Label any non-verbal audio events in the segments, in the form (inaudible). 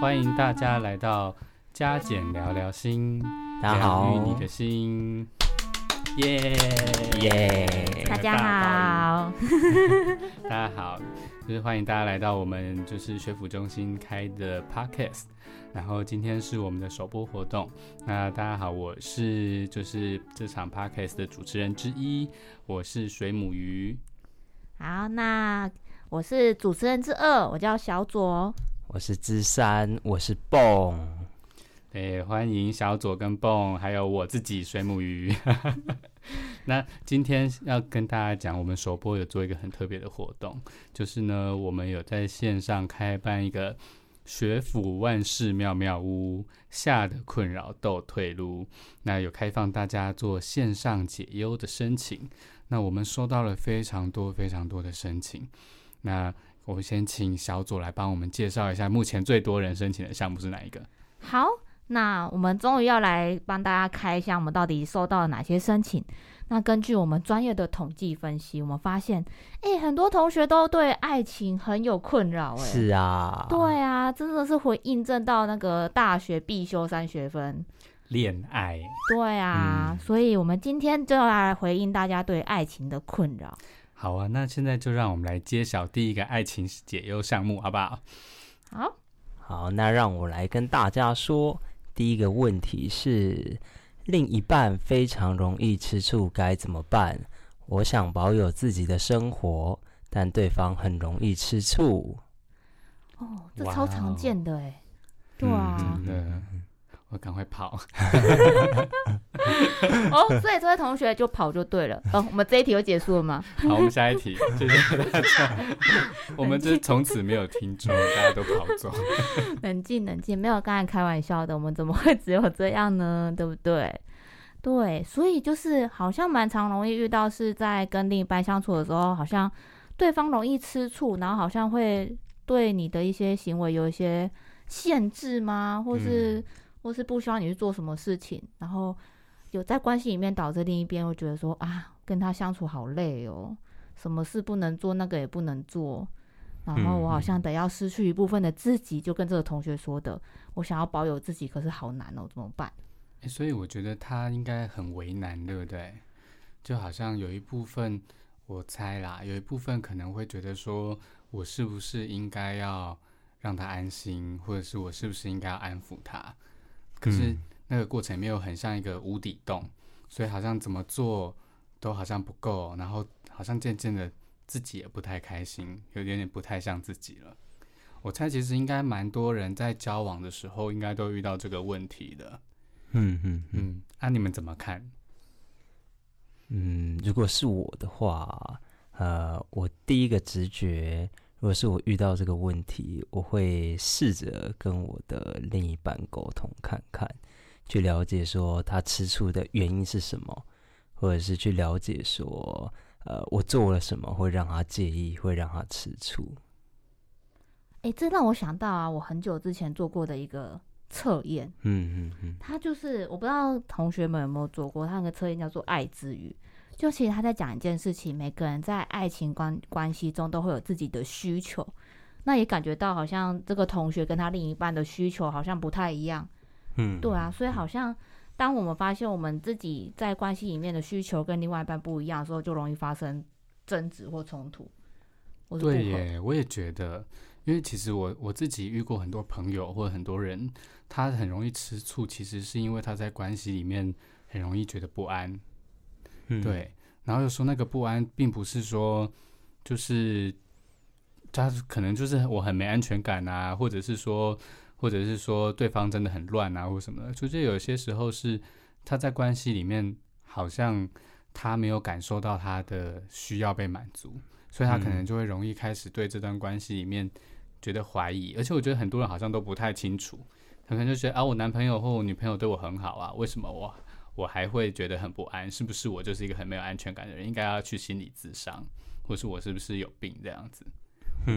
歡迎大家來到加減聊聊心，療癒你的心，耶耶！大家好，yeah, yeah 大家好 (laughs) 大家好，就是歡迎大家來到我們就是學輔中心開的 podcast，然後今天是我們的首播活動。那大家好，我是就是這場 podcast 的主持人之一，我是水母魚。好，那我是主持人之二，我叫小左。我是芝山，我是蹦，哎，歡迎小左跟蹦，還有我自己水母魚。 (laughs) 那今天要跟大家講，我們首播有做一個很特別的活動，就是呢，我們有在線上開辦一個“學輔萬事妙妙屋下的困擾都退路”，那有開放大家做線上解憂的申請。那我們收到了非常多非常多的申請，那。我們先請小組來幫我們介紹一下，目前最多人申請的項目是哪一個？好，那我們終於要來幫大家開箱，我們到底收到了哪些申請？那根據我們專業的統計分析，我們發現，哎，很多同學都對愛情很有困擾。哎，是啊，對啊，真的是會印證到那個大學必修三學分戀愛。對啊，嗯，所以我們今天就要來回應大家對愛情的困擾。好啊，那現在就讓我們來揭曉第一個愛情解憂項目，好不好？好，好，那讓我來跟大家說，第一個問題是，另一半非常容易吃醋該怎麼辦？我想保有自己的生活，但對方很容易吃醋。哦，這超常見的耶、Wow、對啊。嗯我趕快跑！ (laughs) (laughs) 哦，所以這位同學就跑就對了。哦，我們這一題就結束了嗎？ (laughs) 好，我們下一題。就是、我們這從此沒有聽眾，大家都跑走。冷靜，冷靜，沒有剛才開玩笑的。我們怎麼會只有這樣呢？對不對？對，所以就是好像蠻常容易遇到，是在跟另一半相處的時候，好像對方容易吃醋，然後好像會對你的一些行為有一些限制嗎？或是、嗯？或是不希望你去做什麼事情，然後有在關係裡面導致另一邊會覺得說啊，跟他相處好累哦，什麼事不能做，那個也不能做，然後我好像得要失去一部分的自己，嗯嗯，就跟這個同學說的，我想要保有自己，可是好難哦，怎麼辦？欸，所以我覺得他應該很為難，對不對？就好像有一部分，我猜啦，有一部分可能會覺得說我是不是應該要讓他安心，或者是我是不是應該要安撫他？可是那個過程沒有很像一個無底洞、嗯，所以好像怎麼做都好像不夠，然後好像漸漸的自己也不太開心，有點點不太像自己了。我猜其實應該蠻多人在交往的時候應該都遇到這個問題的。嗯嗯嗯，那、啊、你們怎麼看？嗯，如果是我的話，呃，我第一個直覺。如果是我遇到這個問題，我會試着跟我的另一半溝通看看，去了解說他吃醋的原因是什麼，或者是去了解說，呃，我做了什麼會讓他介意，會讓他吃醋。哎、欸，這讓我想到啊，我很久之前做過的一個測驗。嗯嗯嗯，他、嗯、就是我不知道同學們有沒有做過，他那個測驗叫做愛之語。就其實他在講一件事情，每個人在愛情關關係中都會有自己的需求，那也感覺到好像這個同學跟他另一半的需求好像不太一樣，嗯，對啊，所以好像當我們發現我們自己在關係裡面的需求跟另外一半不一樣的時候，就容易發生爭執或衝突我。對耶，我也覺得，因為其實我我自己遇過很多朋友或很多人，他很容易吃醋，其實是因為他在關係裡面很容易覺得不安。嗯、對，然後又說那個不安並不是說，就是他可能就是我很沒安全感啊，或者是說，或者是說對方真的很亂啊，或什麼的。就是有些時候是他在關係裡面，好像他沒有感受到他的需要被滿足，所以他可能就會容易開始對這段關係裡面覺得懷疑。嗯、而且我覺得很多人好像都不太清楚，可能就覺得啊，我男朋友或我女朋友對我很好啊，為什麼我？我還會覺得很不安，是不是我就是一個很沒有安全感的人？應該要去心理諮商，或是我是不是有病這樣子？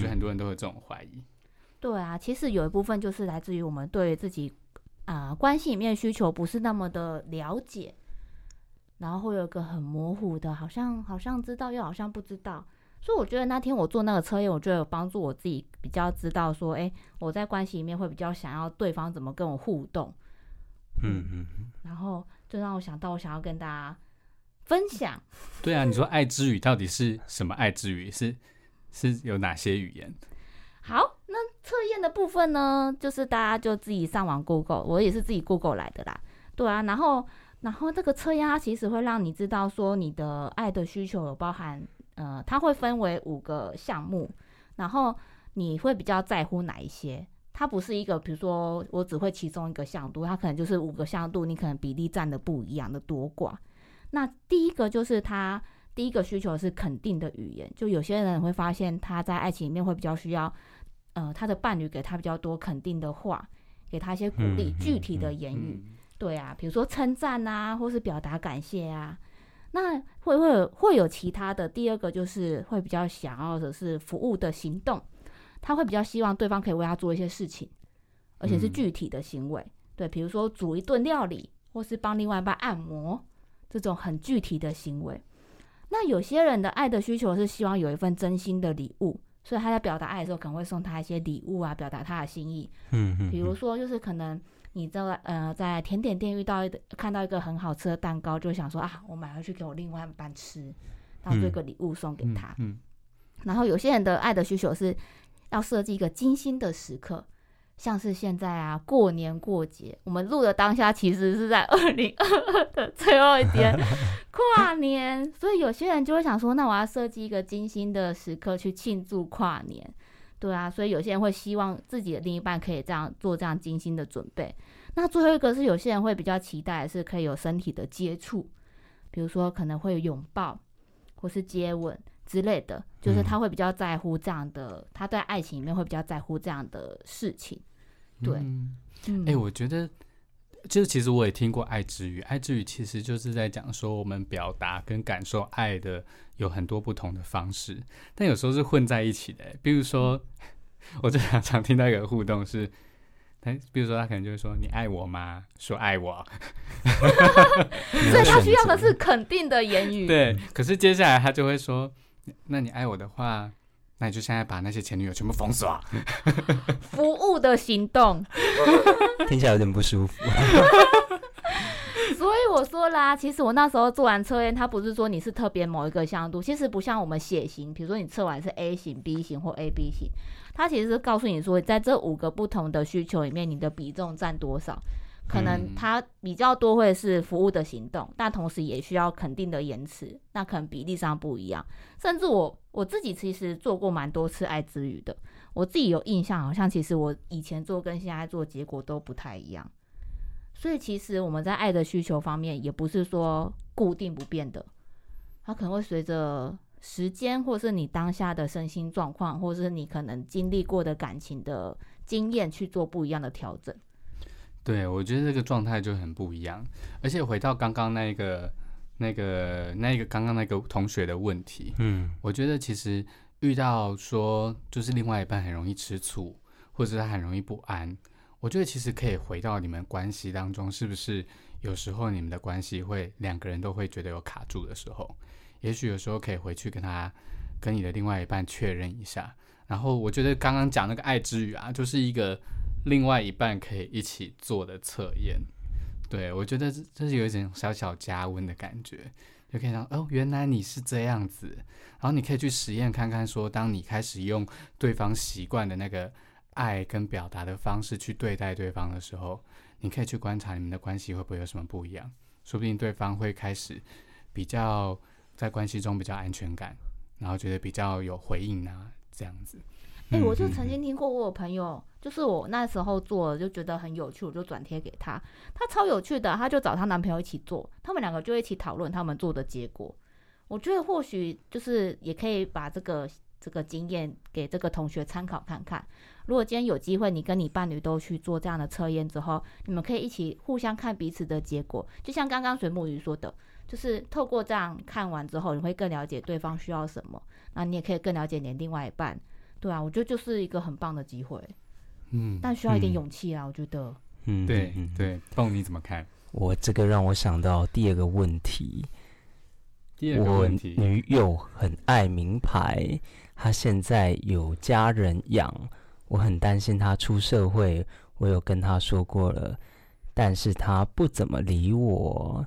就很多人都有這種懷疑、嗯。對啊，其實有一部分就是來自於我們對自己啊、呃、關係裡面的需求不是那麼的了解，然後會有一個很模糊的，好像好像知道又好像不知道。所以我覺得那天我做那個測驗，我覺得有幫助我自己比較知道說，哎、欸，我在關係裡面會比較想要對方怎麼跟我互動。嗯嗯，然後就讓我想到，我想要跟大家分享。對啊，就是、你說愛之語到底是什麼？愛之語是是有哪些語言？好，那測驗的部分呢，就是大家就自己上網 Google，我也是自己 Google 來的啦。對啊，然後然後這個測驗它其實會讓你知道說你的愛的需求有包含，呃，它會分為五個項目，然後你會比較在乎哪一些？它不是一個，比如說我只會其中一個向度，它可能就是五個向度，你可能比例佔的不一樣的多寡。那第一個就是他第一個需求是肯定的語言，就有些人會發現他在愛情裡面會比較需要，呃，他的伴侶給他比較多肯定的話，給他一些鼓勵、嗯，具體的言語，嗯嗯嗯、對啊，比如說稱讚啊，或是表達感謝啊。那會會會有其他的，第二個就是會比較想要的是服務的行動。他會比較希望對方可以為他做一些事情，而且是具體的行為，嗯、對，比如說煮一頓料理，或是幫另外一半按摩，這種很具體的行為。那有些人的愛的需求是希望有一份真心的禮物，所以他在表達愛的時候，可能會送他一些禮物啊，表達他的心意。嗯嗯。比如說，就是可能你這個呃，在甜點店遇到一個，看到一個很好吃的蛋糕，就想說啊，我買回去給我另外一半吃，當做一個禮物送給他，嗯嗯。嗯。然後有些人的愛的需求是。要設計一個精心的時刻，像是現在啊，過年過節，我們錄的當下其實是在二零二二的最後一天跨年， (laughs) 所以有些人就會想說，那我要設計一個精心的時刻去慶祝跨年，對啊，所以有些人會希望自己的另一半可以這樣做這樣精心的準備。那最後一個是有些人會比較期待的是可以有身體的接觸，比如說可能會擁抱或是接吻。之類的，就是他會比較在乎這樣的，嗯、他在愛情裡面會比較在乎這樣的事情。嗯、對，哎、欸嗯，我覺得就是其實我也聽過“愛之語”，“愛之語”其實就是在講說我們表達跟感受愛的有很多不同的方式，但有時候是混在一起的。比如說，我經常常聽到一個互動是，他，比如說他可能就會說：“你愛我嗎？”說愛我 (laughs) 。所以他需要的是肯定的言語。對，可是接下來他就會說。那你愛我的話，那你就現在把那些前女友全部封鎖。 (laughs) 服務的行動，聽起來有點不舒服。 (laughs) (laughs) 所以我說啦，其實我那時候做完測驗，它不是說你是特別某一個向度，其實不像我們血型，比如說你測完是 A 型、B 型或 AB 型，它其實是告訴你說，在這五個不同的需求裡面，你的比重占多少。可能它比較多會是服務的行動，嗯、但同時也需要肯定的言詞。那可能比例上不一樣，甚至我我自己其實做過蠻多次愛之語的，我自己有印象，好像其實我以前做跟現在做結果都不太一樣。所以其實我們在愛的需求方面也不是說固定不變的，它可能會隨着時間，或是你當下的身心狀況，或是你可能經歷過的感情的經驗去做不一樣的調整。對，我覺得這個狀態就很不一樣，而且回到剛剛那個、那個、那個剛剛那個同學的問題，嗯，我覺得其實遇到說就是另外一半很容易吃醋，或者他很容易不安，我覺得其實可以回到你們關係當中，是不是有時候你們的關係會兩個人都會覺得有卡住的時候，也許有時候可以回去跟他跟你的另外一半確認一下，然後我覺得剛剛講那個愛之語啊，就是一個。另外一半可以一起做的測驗，對我覺得這這是有一點小小加溫的感覺，就可以讓哦，原來你是這樣子，然後你可以去實驗看看說，說當你開始用對方習慣的那個愛跟表達的方式去對待對方的時候，你可以去觀察你們的關係會不會有什麼不一樣，說不定對方會開始比較在關係中比較安全感，然後覺得比較有回應啊，這樣子。哎、欸，我就是曾經聽過，我有朋友，就是我那時候做了，就覺得很有趣，我就轉貼給他。他超有趣的，他就找她男朋友一起做，他們兩個就一起討論他們做的結果。我覺得或許就是也可以把這個這個經驗給這個同學參考看看。如果今天有機會，你跟你伴侶都去做這樣的測驗之後，你們可以一起互相看彼此的結果。就像剛剛水木魚說的，就是透過這樣看完之後，你會更了解對方需要什麼，那你也可以更了解你另外一半。對啊，我覺得就是一個很棒的機會，嗯，但需要一點勇氣啊，嗯，我覺得嗯嗯，嗯，對，對，幫你怎麼看？我這個讓我想到第二個問題，第二個問題，女友很愛名牌，她現在有家人養，我很擔心她出社會，我有跟她說過了，但是她不怎麼理我。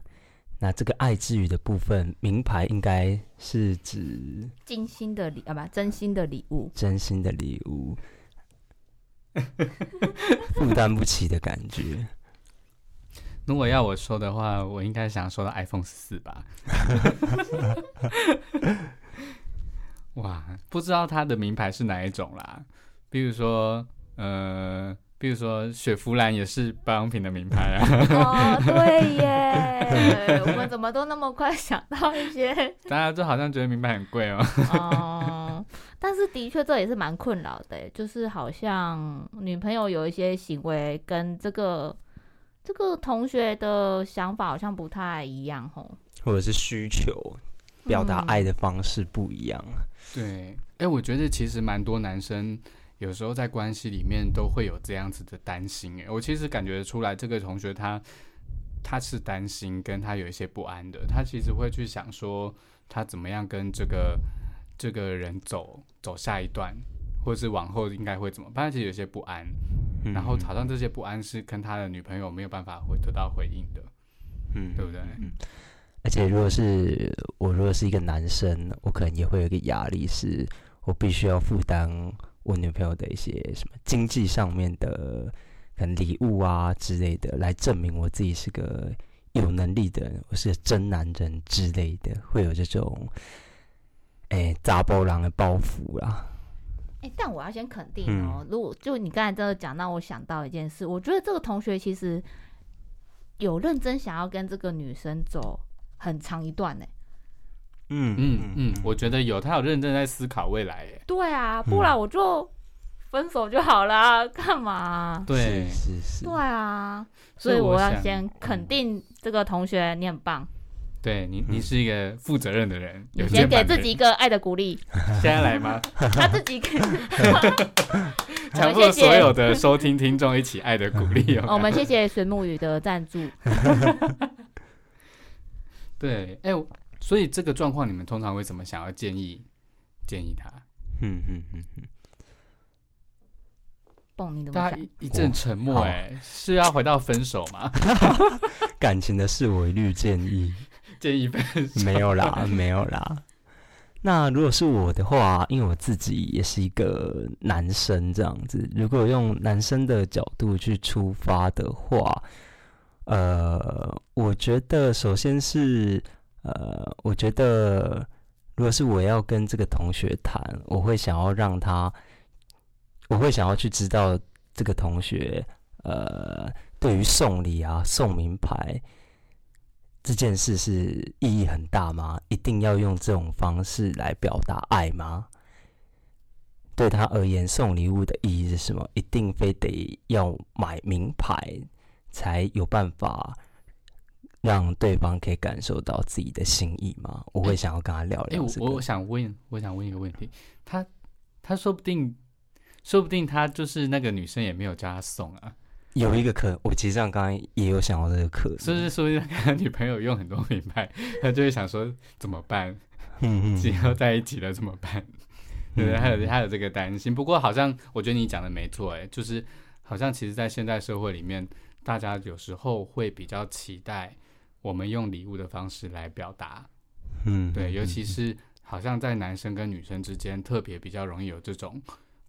那這個愛之語的部分，名牌應該是指真心的禮啊，不真心的禮物，真心的禮物負擔 (laughs) 不起的感覺。如果要我說的話，我應該想說到 iPhone 四吧。 (laughs) (laughs) (laughs) 哇，不知道他的名牌是哪一種啦，比如說呃。比如說雪芙蘭也是保養品的名牌啊！哦，對耶， (laughs) 我們怎麼都那麼快想到一些？大家就好像覺得名牌很貴哦，嗯。哦，但是的確這也是蠻困擾的，就是好像女朋友有一些行為跟這個這個同學的想法好像不太一樣哦，或者是需求表達愛的方式不一樣、嗯、對，哎、欸，我覺得其實蠻多男生。有時候在關係裡面都會有這樣子的擔心、欸，哎，我其實感覺出來，這個同學他他是擔心，跟他有一些不安的，他其實會去想說他怎麼樣跟這個這個人走走下一段，或是往後應該會怎麼辦，但其實有些不安，嗯嗯，然後好像這些不安是跟他的女朋友沒有辦法會得到回應的，嗯，對不對？而且如果是我，如果是一個男生，我可能也會有一個壓力，是我必須要負擔。嗯我女朋友的一些什麼經濟上面的，可能禮物啊之類的，來證明我自己是個有能力的人，我是個真男人之類的，會有這種，哎、欸，砸波狼的包袱啦。哎，但我要先肯定哦、喔嗯，如果就你剛才真的講讓我想到一件事，我覺得這個同學其實有認真想要跟這個女生走很長一段呢、欸。嗯嗯嗯，我覺得有，他有認真在思考未來耶。對啊，不然我就分手就好了，幹嘛、啊嗯？對，是是是。對啊，所以我要先肯定這個同學，你很棒。對你，你是一個負責任的人。嗯、有的人你先給自己一個愛的鼓勵。 (laughs) 現在來嗎？ (laughs) 他自己給。好， (laughs) (laughs) 所有的收聽聽眾，一起愛的鼓勵哦。 (laughs) (laughs) 我們謝謝水木宇的贊助。 (laughs) (laughs) (laughs) 對，哎、欸。所以這個狀況，你們通常會怎麼想要建議建議他？嗯嗯嗯嗯。暴你的意一陣沉默，欸哦，是要回到分手嗎？ (laughs) (laughs) 感情的事，我一律建議 (laughs) 建議分手。沒有啦，沒有啦。那如果是我的話，因為我自己也是一個男生，這樣子，如果用男生的角度去出發的話，呃，我覺得首先是。呃，我覺得，如果是我要跟這個同學談，我會想要讓他，我會想要去知道這個同學，呃，對於送禮啊、送名牌這件事是意義很大嗎？一定要用這種方式來表達愛嗎？對他而言，送禮物的意義是什麼？一定非得要買名牌才有辦法。讓對方可以感受到自己的心意嗎？欸、我會想要跟他聊聊、這個。哎、欸，我我想問，我想問一個問題，他他說不定，說不定他就是那個女生也沒有叫他送啊。有一個課，我其實上剛剛也有想過這個課，所以說他女朋友用很多名牌，他就會想說怎麼辦？嗯嗯，結合在一起了怎麼辦？對、他、嗯、有他有這個擔心。不過好像我覺得你講的沒錯，誒，就是好像其實，在現代社會裡面，大家有時候會比較期待。我們用禮物的方式來表達，嗯，對，尤其是好像在男生跟女生之間，特別比較容易有這種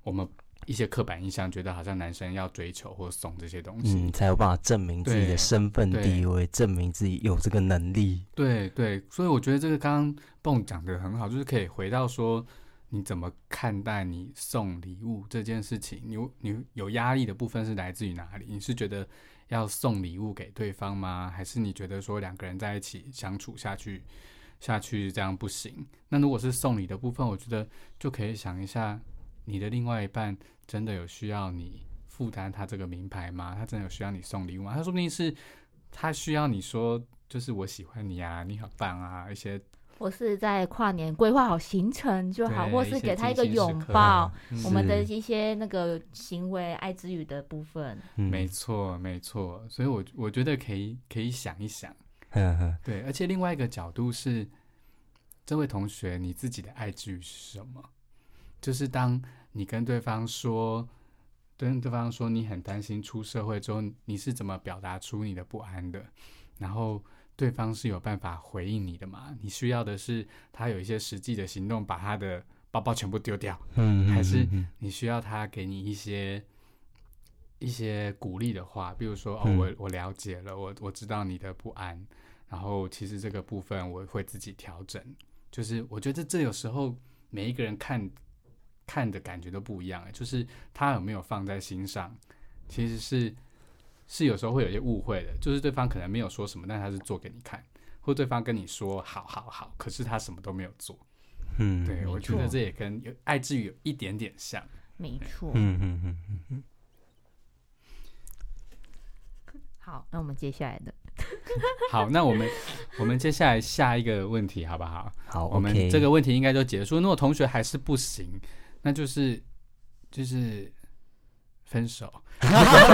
我們一些刻板印象，覺得好像男生要追求或送這些東西，你、嗯、才有辦法證明自己的身份地位，證明自己有這個能力。對對，所以我覺得這個剛剛蹦講得很好，就是可以回到說，你怎麼看待你送禮物這件事情？你你有壓力的部分是來自於哪裡？你是覺得？要送禮物給對方嗎？還是你覺得說，兩個人在一起相處下去，下去這樣不行？那如果是送禮的部分，我覺得就可以想一下，你的另外一半真的有需要你負擔他這個名牌嗎？他真的有需要你送禮物嗎？他說不定是，他需要你說，就是我喜歡你啊，你好棒啊，一些。或是在跨年規劃好行程就好，或是給他一個擁抱，我們的一些那個行為愛之語的部分、嗯嗯。沒錯，沒錯，所以我我覺得可以可以想一想呵呵。對，而且另外一個角度是，這位同學，你自己的愛之語是什麼？就是當你跟對方說，跟對方說你很擔心出社會之後，你是怎麼表達出你的不安的？然後。對方是有辦法回應你的嘛？你需要的是他有一些實際的行動，把他的包包全部丟掉，嗯，還是你需要他給你一些一些鼓勵的話？比如說哦，我我了解了，我我知道你的不安，然後其實這個部分我會自己調整。就是我覺得這有時候每一個人看看的感覺都不一樣，就是他有沒有放在心上，其實是。是有時候會有一些誤會的，就是對方可能沒有說什麼，但他是做給你看，或對方跟你說“好好好”，可是他什麼都沒有做。嗯，對，我覺得這也跟有愛之語有一點點像。沒錯。嗯嗯嗯嗯嗯。好，那我們接下來的。好，那我們 (laughs) 我們接下來下一個問題好不好？好，我們這個問題應該就結束。那我、okay、如果同學還是不行，那就是就是。分手，這樣啊，太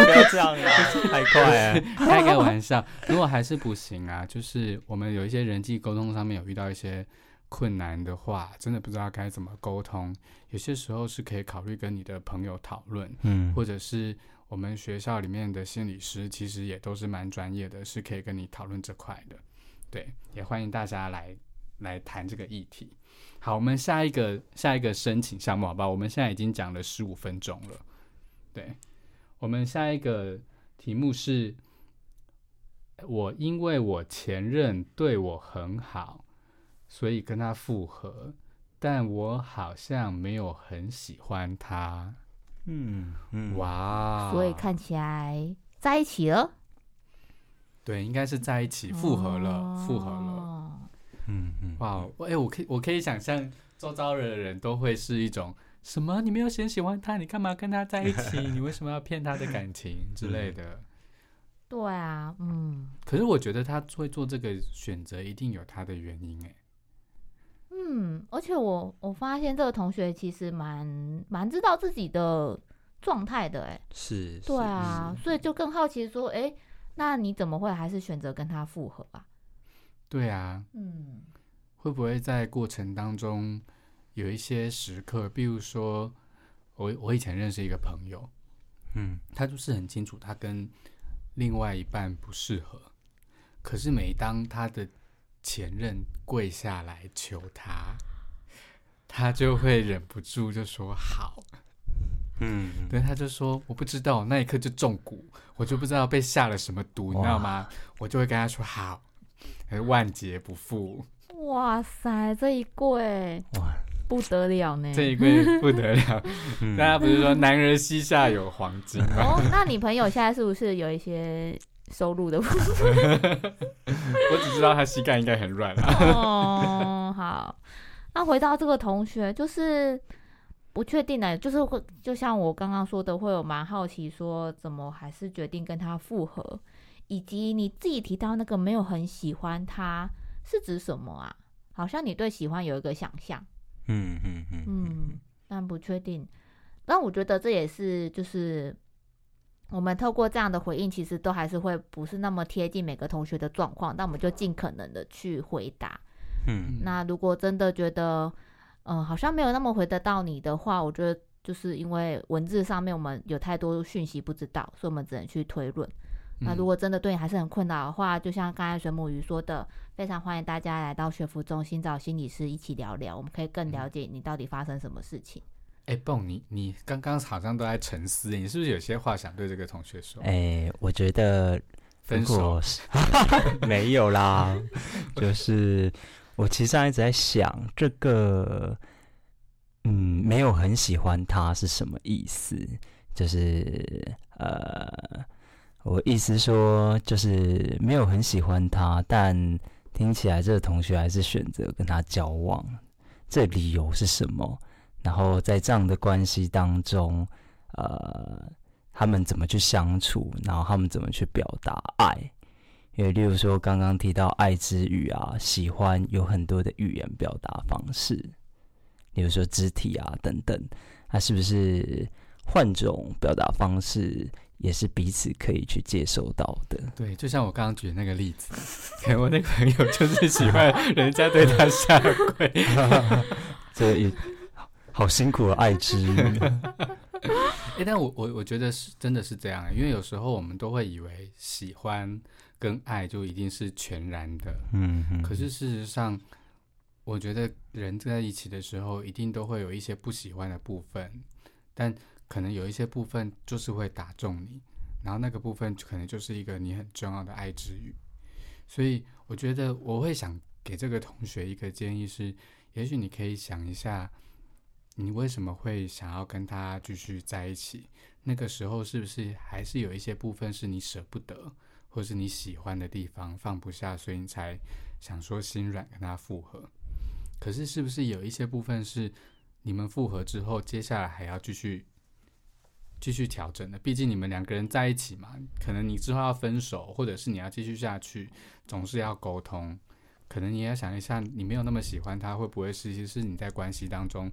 快了，開個玩笑。如果還是不行啊，就是我們有一些人際溝通上面有遇到一些困難的話，真的不知道該怎麼溝通。有些時候是可以考慮跟你的朋友討論，嗯，或者是我們學校裡面的心理師其實也都是蠻專業的，是可以跟你討論這塊的。對，也歡迎大家來來談這個議題。好，我們下一個下一個申請項目，好不好？我們現在已經講了十五分鐘了。對，我們下一個題目是：我因為我前任對我很好，所以跟他複合，但我好像沒有很喜歡他。嗯嗯，哇、wow，所以看起來在一起了。對，應該是在一起複合了，哦，複合了。嗯嗯，哇，哎，我可以我可以想象周遭的人都會是一種。什麼？你沒有先喜歡他，你幹嘛跟他在一起？你為什麼要騙他的感情 (laughs) 之類的？對啊，嗯。可是我覺得他會做這個選擇，一定有他的原因哎。嗯，而且我我發現這個同學其實蠻蠻知道自己的狀態的哎。是。對啊是，所以就更好奇說，哎、欸，那你怎麼會還是選擇跟他復合啊？對啊，嗯。會不會在過程當中？有一些時刻，比如說我我以前認識一個朋友，嗯，他就是很清楚他跟另外一半不適合，可是每當他的前任跪下來求他，他就會忍不住就說好，嗯,嗯，對，他就說我不知道那一刻就中蠱，我就不知道被下了什麼毒，你知道嗎？我就會跟他說好，還萬劫不復。哇塞，這一跪哇！不得了呢，這一跪不得了。大家不是說男人膝下有黃金嗎？ (laughs) 哦，那你朋友現在是不是有一些收入的？ (laughs) (laughs) (laughs) 我只知道他膝蓋應該很軟了。哦， (laughs) 好。那回到這個同學，就是不確定的，就是會就像我剛剛說的，會有蠻好奇，說怎麼還是決定跟他復合，以及你自己提到那個沒有很喜歡他，是指什麼啊？好像你對喜歡有一個想象。嗯嗯嗯，嗯，但不確定。但我覺得這也是，就是我們透過這樣的回應，其實都還是會不是那麼貼近每個同學的狀況。那我們就盡可能的去回答。嗯，那如果真的覺得，呃，好像沒有那麼回得到你的話，我覺得就是因為文字上面我們有太多訊息不知道，所以我們只能去推論。那、呃、如果真的對你還是很困擾的話，就像剛才水母魚說的，非常歡迎大家來到學輔中心找心理師一起聊聊，我們可以更了解你到底發生什麼事情。哎、嗯、蹦、欸，你你剛剛好像都在沉思，你是不是有些話想對這個同學說？哎、欸，我覺得分手 (laughs) 沒有啦， (laughs) 就是我其實上一直在想這個，嗯，沒有很喜歡他是什麼意思？就是呃。我意思說，就是沒有很喜歡他，但聽起來這個同學還是選擇跟他交往，這理由是什麼？然後在這樣的關係當中，呃，他們怎麼去相處？然後他們怎麼去表達愛？因為例如說，剛剛提到愛之語啊，喜歡有很多的語言表達方式，例如說肢體啊等等，那是不是換種表達方式？也是彼此可以去接受到的。對，就像我剛剛舉的那個例子， (laughs) 我那個朋友就是喜歡人家對他下跪，這 (laughs) 一 (laughs) 好辛苦愛之。哎、欸，但我我我覺得是真的是這樣，因為有時候我們都會以為喜歡跟愛就一定是全然的，嗯。可是事實上，我覺得人在一起的時候，一定都會有一些不喜歡的部分，但。可能有一些部分就是會打中你，然後那個部分可能就是一個你很重要的愛之語，所以我覺得我會想給這個同學一個建議是，也許你可以想一下，你為什麼會想要跟他繼續在一起？那個時候是不是還是有一些部分是你舍不得，或是你喜歡的地方放不下，所以你才想說心軟跟他復合？可是是不是有一些部分是你們復合之後，接下來還要繼續？繼續調整的，畢竟你們兩個人在一起嘛，可能你之後要分手，或者是你要繼續下去，總是要溝通。可能你也要想一下，你沒有那麼喜歡他，會不會是其實你在關係當中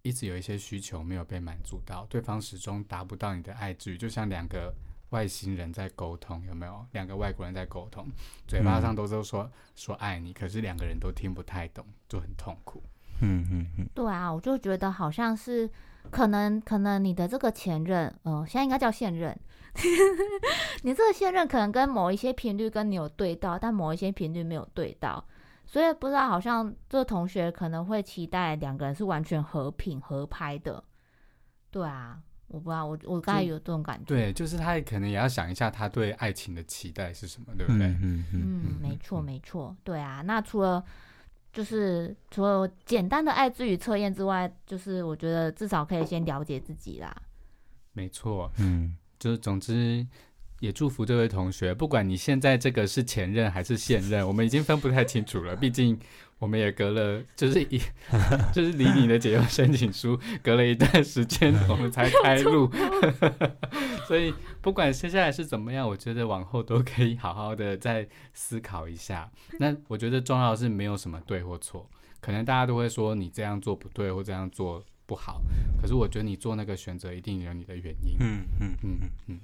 一直有一些需求沒有被滿足到，對方始終達不到你的愛至於，就像兩個外星人在溝通，有沒有？兩個外國人在溝通，嗯、嘴巴上都是說說愛你，可是兩個人都聽不太懂，就很痛苦。嗯嗯嗯對，對啊，我就覺得好像是。可能可能你的這個前任，嗯、呃，現在應該叫現任呵呵。你這個現任可能跟某一些頻率跟你有對到，但某一些頻率沒有對到，所以不知道。好像這同學可能會期待兩個人是完全和平合拍的。對啊，我不知道，我我大概有這種感覺。對，就是他可能也要想一下他對愛情的期待是什麼，對不對？嗯嗯，嗯，沒錯、嗯、沒錯，對啊。那除了就是除了簡單的愛之語測驗之外，就是我覺得至少可以先了解自己啦。沒錯，嗯，就是總之也祝福這位同學，不管你現在這個是前任還是現任， (laughs) 我們已經分不太清楚了， (laughs) 畢竟。我們也隔了，就是一， (laughs) 就是離你的解憂申請書隔了一段時間，我們才開錄。 (laughs) 所以不管接下來是怎麼樣，我覺得往後都可以好好的再思考一下。那我覺得重要的是沒有什麼對或錯，可能大家都會說你這樣做不對或這樣做不好，可是我覺得你做那個選擇一定有你的原因。嗯嗯嗯嗯，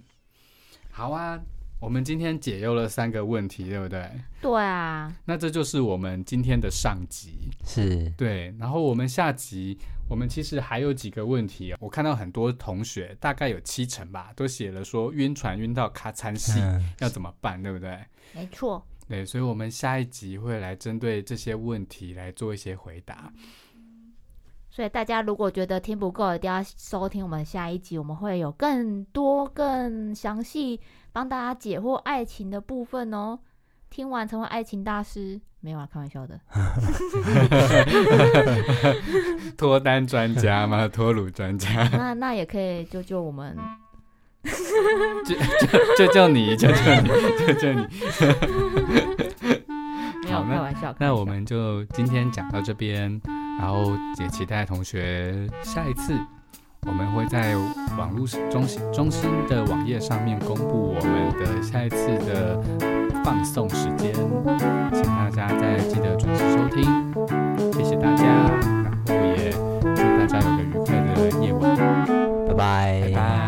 好啊。我們今天解憂了三個問題，對不對？對啊，那這就是我們今天的上集，是對。然後我們下集，我們其實還有幾個問題啊、哦。我看到很多同學，大概有七成吧，都寫了說暈船暈到卡慘死，要怎麼辦，對不對？沒錯。對，所以，我們下一集會來針對這些問題來做一些回答。所以大家如果覺得聽不夠，一定要收聽我們下一集，我們會有更多、更詳細幫大家解惑愛情的部分哦。聽完成為愛情大師，沒有、啊、開玩笑的，脫 (laughs) (laughs) 單專家嘛，脫魯專家， (laughs) 那那也可以，救救我們， (laughs) 就就救你，就救你，就救你。 (laughs) 好那，那我們就今天講到這邊，然後也期待同學下一次。我們會在網絡中心中心的網頁上面公布我們的下一次的放送時間，請大家再記得準時收聽，謝謝大家，然後也祝大家有個愉快的夜晚，拜拜。拜拜。